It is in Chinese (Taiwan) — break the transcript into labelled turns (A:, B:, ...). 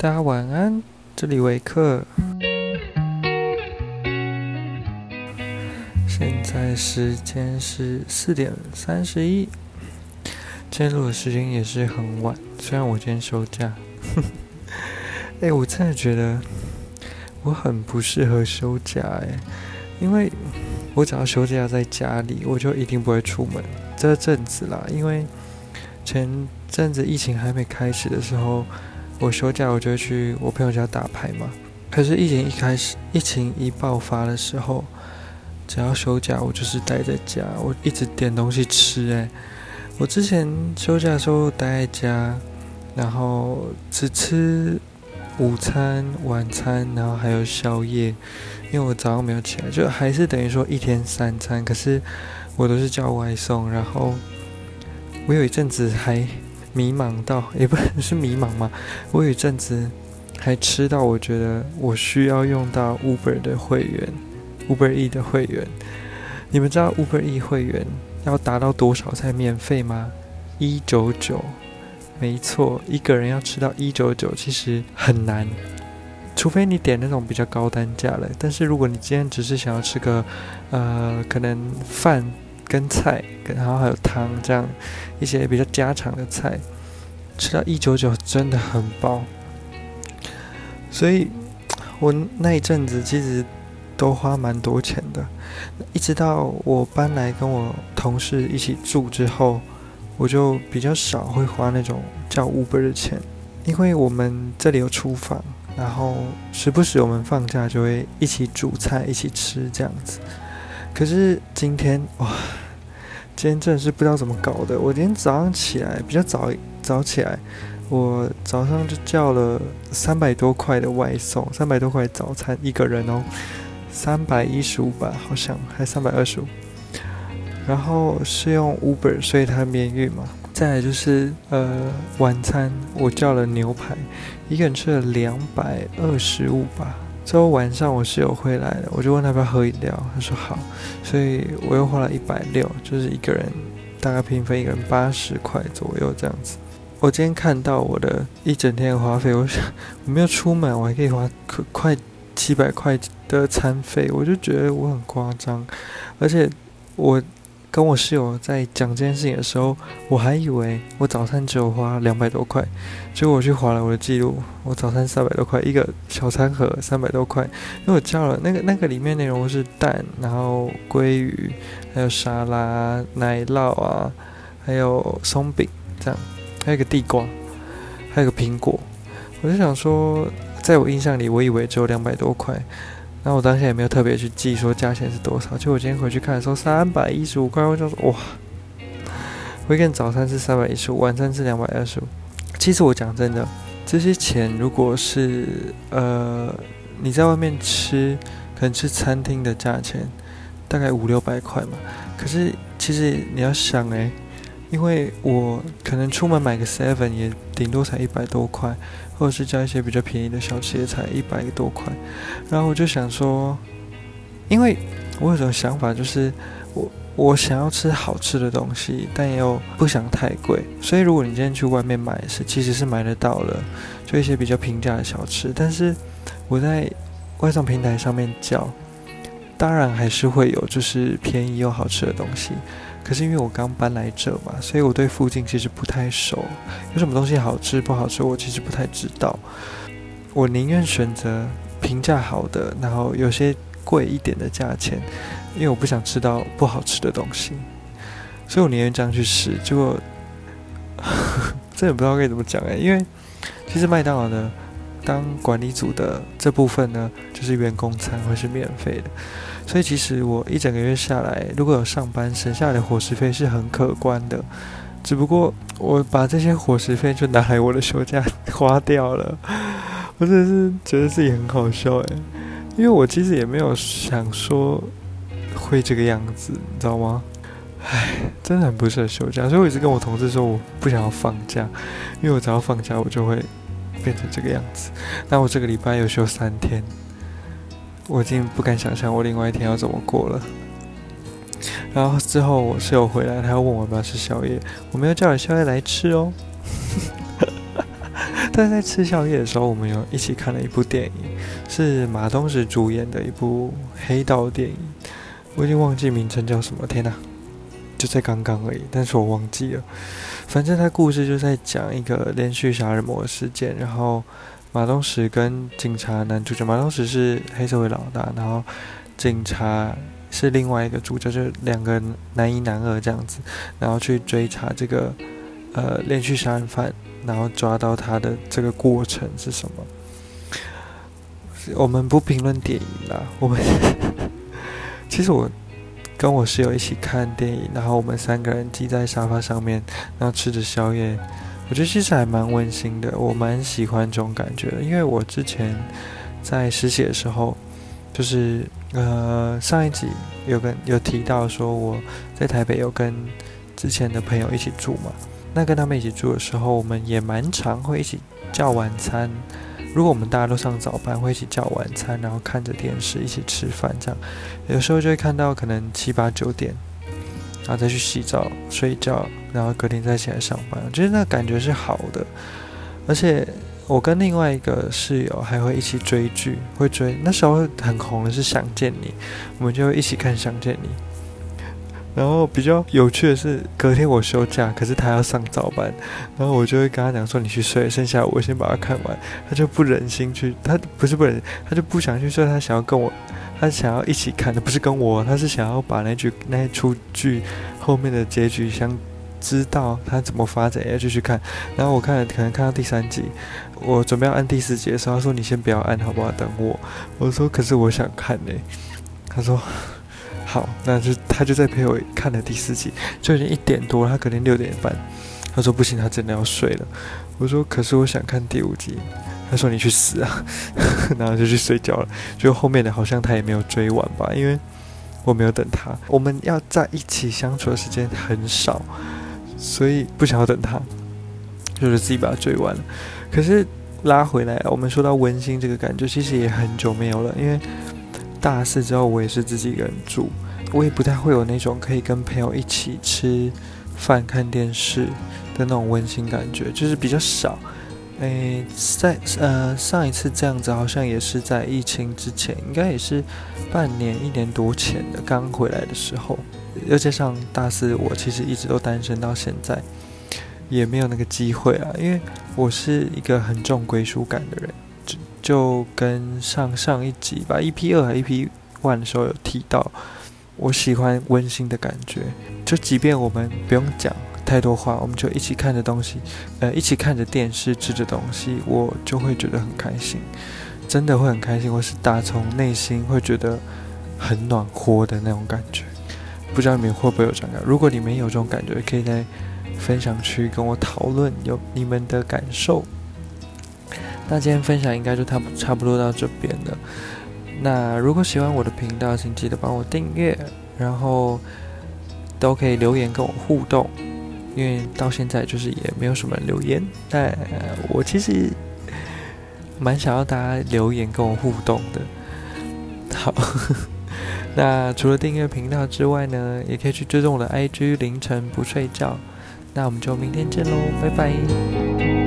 A: 大家晚安，這裡維克。現在時間是四點三十一，今天錄的時間也是很晚。雖然我今天休假，哎、欸，我真的覺得我很不適合休假、欸，哎，因為我只要休假在家裡，我就一定不會出門。這陣子啦，因為前陣子疫情還沒開始的時候。我休假，我就去我朋友家打牌嘛。可是疫情一開始，疫情一爆發的時候，只要休假，我就是待在家，我一直點東西吃，欸。哎，我之前休假的時候待在家，然後只吃午餐、晚餐，然後還有宵夜，因為我早上沒有起來，就還是等於說一天三餐。可是我都是叫外送，然後我有一陣子還。迷茫到也不是迷茫嘛，我有一陣子還吃到我覺得我需要用到 Uber 的會員，Uber E 的會員。你們知道 Uber E 會員要達到多少才免費嗎？一九九，沒錯，一個人要吃到一九九其實很難，除非你點那種比較高單價的。但是如果你今天只是想要吃個呃可能飯。跟菜跟，然後還有湯這樣，一些比較家常的菜，吃到一九九真的很飽。所以我那一陣子其實都花蠻多錢的，一直到我搬來跟我同事一起住之後，我就比較少會花那種叫 Uber 的錢，因為我們這裡有廚房，然後時不時我們放假就會一起煮菜一起吃這樣子。可是今天哇，今天真的是不知道怎麼搞的。我今天早上起來比較早，早起來，我早上就叫了三百多塊的外送，三百多塊早餐一個人哦，三百一十五吧，好像還三百二十五。然後是用 Uber，所以他免運嘛。再來就是呃晚餐，我叫了牛排，一個人吃了兩百二十五吧。週五晚上我室友回來了，我就問他要不要喝飲料，他說好，所以我又花了一百六，就是一個人大概平分，一個人八十塊左右這樣子。我今天看到我的一整天的花費，我想我沒有出門，我還可以花快七百塊的餐費，我就覺得我很誇張，而且我。跟我室友在講這件事情的時候，我還以為我早餐只有花兩百多塊，結果我去劃了我的記錄，我早餐三百多塊，一個小餐盒三百多塊，因為我叫了那個那個裡面內容是蛋，然後鮭魚，還有沙拉、奶酪啊，還有鬆餅這樣，還有個地瓜，還有個蘋果，我就想說，在我印象裡，我以為只有兩百多塊。那我當下也沒有特別去記說價錢是多少，就我今天回去看的時候，三百一十五塊，我就說哇，我一個人早餐是三百一十五，晚餐是兩百二十五。其實我講真的，這些錢如果是呃你在外面吃，可能吃餐廳的價錢大概五六百塊嘛，可是其實你要想哎、欸。因為我可能出門買個 seven 也頂多才一百多塊，或者是叫一些比較便宜的小吃也才一百多塊，然後我就想說，因為我有種想法就是，我我想要吃好吃的東西，但又不想太貴，所以如果你今天去外面買是其實是買得到了，就一些比較平價的小吃，但是我在外送平台上面叫。當然還是會有就是便宜又好吃的東西，可是因為我剛搬來這嘛，所以我對附近其實不太熟，有什麼東西好吃不好吃我其實不太知道。我寧願選擇評價好的，然後有些貴一點的價錢，因為我不想吃到不好吃的東西，所以我寧願這樣去試。結果， 這也不知道該怎麼講誒，因為其實麥當勞的。當管理組的這部分呢，就是員工餐會是免費的，所以其實我一整個月下來，如果有上班，省下來的伙食費是很可觀的。只不過我把這些伙食費就拿來我的休假花掉了，我真是覺得自己很好笑誒、欸，因為我其實也沒有想說會這個樣子，你知道嗎？唉，真的很不適合休假，所以我一直跟我同事說我不想要放假，因為我只要放假我就會。變成這個樣子，那我這個禮拜又休三天，我已經不敢想象，我另外一天要怎麼過了。然後之後我室友回來，他又問我要不要吃宵夜，我沒有叫你宵夜來吃哦。 但是在吃宵夜的時候，我們又一起看了一部電影，是馬東石主演的一部黑道電影，我已經忘記名稱叫什麼，天哪！就在剛剛而已，但是我忘記了。反正他故事就在講一個連續殺人魔事件，然後馬東石跟警察，男主角馬東石是黑社會老大，然後警察是另外一個主角，就兩個男一男二這樣子，然後去追查這個呃連續殺人犯，然後抓到他的這個過程是什麼。我們不評論電影啦，我們 其實我。跟我室友一起看電影，然後我們三個人擠在沙發上面，然後吃着宵夜，我覺得其實還蠻溫馨的，我蠻喜歡這種感覺的，因為我之前在實習的時候，就是呃上一集有跟有提到說我在台北有跟之前的朋友一起住嘛，那跟他們一起住的時候，我們也蠻常會一起叫晚餐。如果我們大家都上早班，會一起叫晚餐，然後看着電視一起吃飯，這樣，有時候就會看到可能七八九點，然後再去洗澡、睡覺，然後隔天再起來上班，我覺得那感覺是好的。而且我跟另外一個室友還會一起追劇，會追那時候很紅的是《想見你》，我們就會一起看《想見你》。然後比較有趣的是，隔天我休假，可是他要上早班，然後我就會跟他講說：“你去睡，剩下，我先把它看完。”他就不忍心去，他不是不忍心，他就不想去睡，他想要跟我，他想要一起看的，不是跟我，他是想要把那句、那出劇後面的結局，想知道他怎麼發展，要繼續看。然後我看可能看到第三集，我準備要按第四集的時候，他說：“你先不要按，好不好？等我。”我說：“可是我想看呢、欸。”他說。好，那就他就在陪我看了第四集，就已經一點多了，他可能六點半。他說不行，他真的要睡了。我說，可是我想看第五集。他說，你去死啊！ 然後就去睡覺了。就後面的好像他也沒有追完吧，因為我沒有等他。我們要在一起相處的時間很少，所以不想要等他，就是自己把他追完了。可是拉回來，我們說到溫馨這個感覺，其實也很久沒有了，因為。大四之後，我也是自己一個人住，我也不太會有那種可以跟朋友一起吃飯、看電視的那種溫馨感覺，就是比較少。誒、欸，在呃上一次這樣子，好像也是在疫情之前，應該也是半年一年多前的剛回來的時候。又加上大四，我其實一直都單身到現在，也沒有那個機會啊，因為我是一個很重歸屬感的人。就跟上上一集吧，EP2 和 EP1 的時候有提到，我喜歡溫馨的感覺。就即便我們不用講太多話，我們就一起看着東西，呃，一起看着電視，吃着東西，我就會覺得很開心，真的會很開心。我是打從內心會覺得很暖和的那種感覺。不知道你們會不會有這樣。如果你們有這種感覺，可以在分享區跟我討論，有你們的感受。那今天分享應該就差不差不多到這邊了。那如果喜歡我的頻道，請記得幫我訂閱，然後都可以留言跟我互動，因為到現在就是也沒有什麼人留言，但、呃、我其實蠻想要大家留言跟我互動的。好， 那除了訂閱頻道之外呢，也可以去追蹤我的 IG，凌晨不睡覺。那我們就明天見嘍，拜拜。